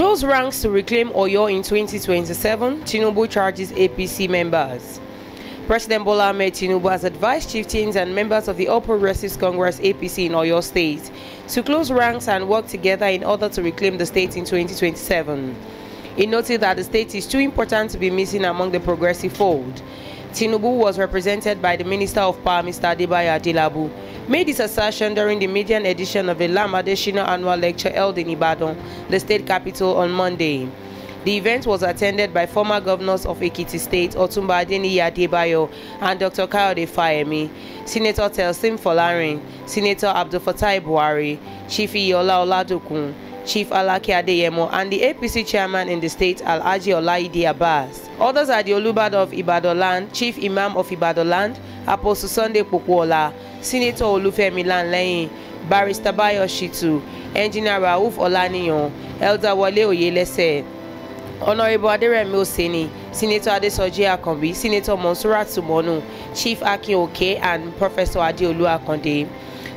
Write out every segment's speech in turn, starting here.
Close ranks to reclaim Oyo in 2027, Tinubu charges APC members. President Bola Ahmed Tinubu has advised chieftains and members of the All Progressives Congress APC in Oyo State to close ranks and work together in order to reclaim the state in 2027. He noted that the state is too important to be missing among the progressive fold. Tinubu was represented by the Minister of Power, Mr. Adebayo Adilabu, made this assertion during the median edition of the Lam Adesina Annual Lecture held in Ibadan, the state capital, on Monday. The event was attended by former governors of Ekiti State, Otumba Adeniyi Adebayo and Dr. Kayode Fayemi, Senator Telsim Folarin, Senator Abdul Fatai Buhari, Chief Iyola Oladokun, Chief Alake Adeyemo, and the APC chairman in the state, al Alhaji Olaide Abbas. Others are the Olubad of Ibadan Chief Imam of Ibadan Apostle Sunday Pokuola, senator olúfẹ́mi lanlẹ́yìn barrister bayo shitu engineer rauf ọláníyàn elder wọlé oyelẹsẹ̀ honourable aderemi oseni senator adesoji akanbi senator monsurat sumonu chief akin oke and professor adeolu akande.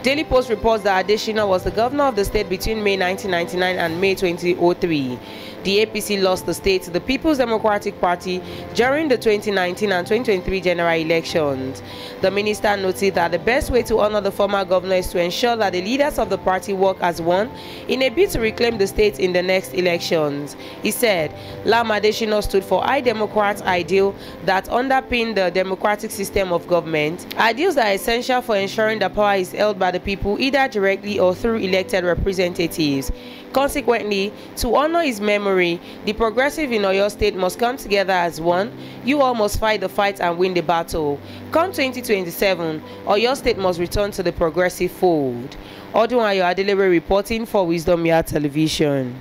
Daily Post reports that Adeshina was the governor of the state between May 1999 and May 2003. The APC lost the state to the People's Democratic Party during the 2019 and 2023 general elections. The minister noted that the best way to honor the former governor is to ensure that the leaders of the party work as one in a bid to reclaim the state in the next elections. He said, Lam Adeshina stood for I Democrat ideal that underpin the democratic system of government, ideals that are essential for ensuring that power is held by the people either directly or through elected representatives. Consequently, to honor his memory, the progressive in Oyo State must come together as one. You all must fight the fight and win the battle. Come 2027, Oyo State must return to the progressive fold. Odunwayo Adelere reporting for Wisdom Yard Television.